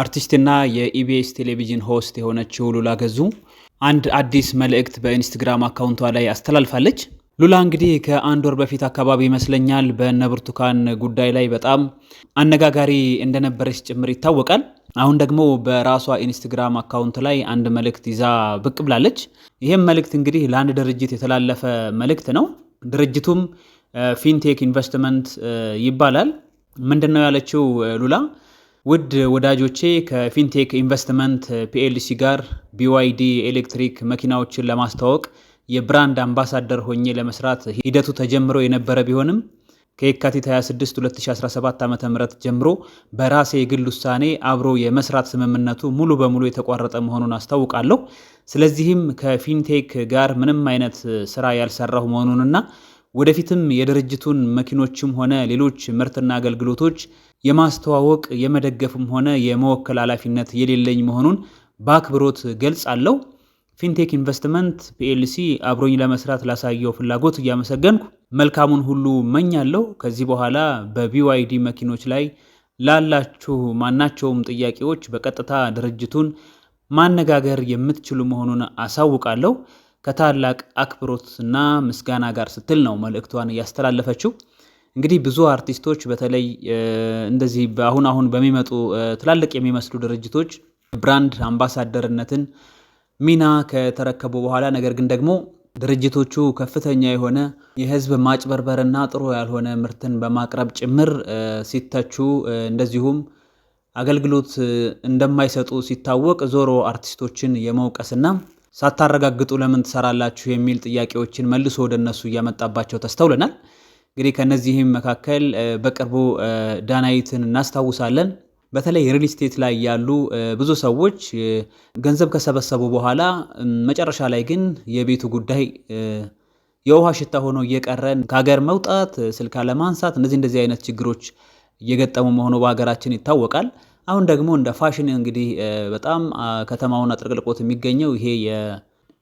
አርቲስትና የኢቢኤስ ቴሌቪዥን ሆስት የሆነችው ሉላ ገዙ አንድ አዲስ መልእክት በኢንስትግራም አካውንቷ ላይ አስተላልፋለች። ሉላ እንግዲህ ከአንድ ወር በፊት አካባቢ ይመስለኛል በነብርቱካን ብርቱካን ጉዳይ ላይ በጣም አነጋጋሪ እንደነበረች ጭምር ይታወቃል። አሁን ደግሞ በራሷ ኢንስትግራም አካውንት ላይ አንድ መልእክት ይዛ ብቅ ብላለች። ይህም መልእክት እንግዲህ ለአንድ ድርጅት የተላለፈ መልእክት ነው። ድርጅቱም ፊንቴክ ኢንቨስትመንት ይባላል። ምንድን ነው ያለችው ሉላ ውድ ወዳጆቼ ከፊንቴክ ኢንቨስትመንት ፒኤልሲ ጋር ቢዋይዲ ኤሌክትሪክ መኪናዎችን ለማስተዋወቅ የብራንድ አምባሳደር ሆኜ ለመስራት ሂደቱ ተጀምሮ የነበረ ቢሆንም ከየካቲት 26 2017 ዓ ም ጀምሮ በራሴ የግል ውሳኔ አብሮ የመስራት ስምምነቱ ሙሉ በሙሉ የተቋረጠ መሆኑን አስታውቃለሁ። ስለዚህም ከፊንቴክ ጋር ምንም አይነት ስራ ያልሰራሁ መሆኑንና ወደፊትም የድርጅቱን መኪኖችም ሆነ ሌሎች ምርትና አገልግሎቶች የማስተዋወቅ የመደገፍም ሆነ የመወከል ኃላፊነት የሌለኝ መሆኑን በአክብሮት ገልጻለሁ። ፊንቴክ ኢንቨስትመንት ፒኤልሲ አብሮኝ ለመስራት ላሳየው ፍላጎት እያመሰገንኩ መልካሙን ሁሉ መኛለሁ። ከዚህ በኋላ በቢዋይዲ መኪኖች ላይ ላላችሁ ማናቸውም ጥያቄዎች በቀጥታ ድርጅቱን ማነጋገር የምትችሉ መሆኑን አሳውቃለሁ። ከታላቅ አክብሮትና ምስጋና ጋር ስትል ነው መልእክቷን እያስተላለፈችው። እንግዲህ ብዙ አርቲስቶች በተለይ እንደዚህ አሁን አሁን በሚመጡ ትላልቅ የሚመስሉ ድርጅቶች ብራንድ አምባሳደርነትን ሚና ከተረከቡ በኋላ ነገር ግን ደግሞ ድርጅቶቹ ከፍተኛ የሆነ የህዝብ ማጭበርበርና ጥሩ ያልሆነ ምርትን በማቅረብ ጭምር ሲተቹ እንደዚሁም አገልግሎት እንደማይሰጡ ሲታወቅ ዞሮ አርቲስቶችን የመውቀስና ሳታረጋግጡ ለምን ትሰራላችሁ የሚል ጥያቄዎችን መልሶ ወደ እነሱ እያመጣባቸው ተስተውለናል። እንግዲህ ከነዚህም መካከል በቅርቡ ዳናይትን እናስታውሳለን። በተለይ ሪል ስቴት ላይ ያሉ ብዙ ሰዎች ገንዘብ ከሰበሰቡ በኋላ መጨረሻ ላይ ግን የቤቱ ጉዳይ የውሃ ሽታ ሆኖ እየቀረን ከሀገር መውጣት፣ ስልክ አለማንሳት፣ እነዚህ እንደዚህ አይነት ችግሮች እየገጠሙ መሆኑ በሀገራችን ይታወቃል። አሁን ደግሞ እንደ ፋሽን እንግዲህ በጣም ከተማውን አጥለቅልቆት የሚገኘው ይሄ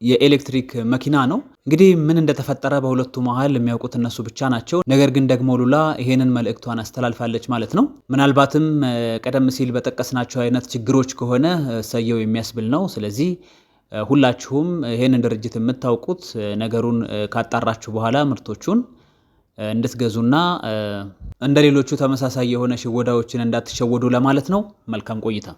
የኤሌክትሪክ መኪና ነው። እንግዲህ ምን እንደተፈጠረ በሁለቱ መሀል የሚያውቁት እነሱ ብቻ ናቸው። ነገር ግን ደግሞ ሉላ ይሄንን መልእክቷን አስተላልፋለች ማለት ነው። ምናልባትም ቀደም ሲል በጠቀስናቸው አይነት ችግሮች ከሆነ ሰየው የሚያስብል ነው። ስለዚህ ሁላችሁም ይሄንን ድርጅት የምታውቁት ነገሩን ካጣራችሁ በኋላ ምርቶቹን እንድትገዙና እንደ ሌሎቹ ተመሳሳይ የሆነ ሽወዳዎችን እንዳትሸወዱ ለማለት ነው። መልካም ቆይታ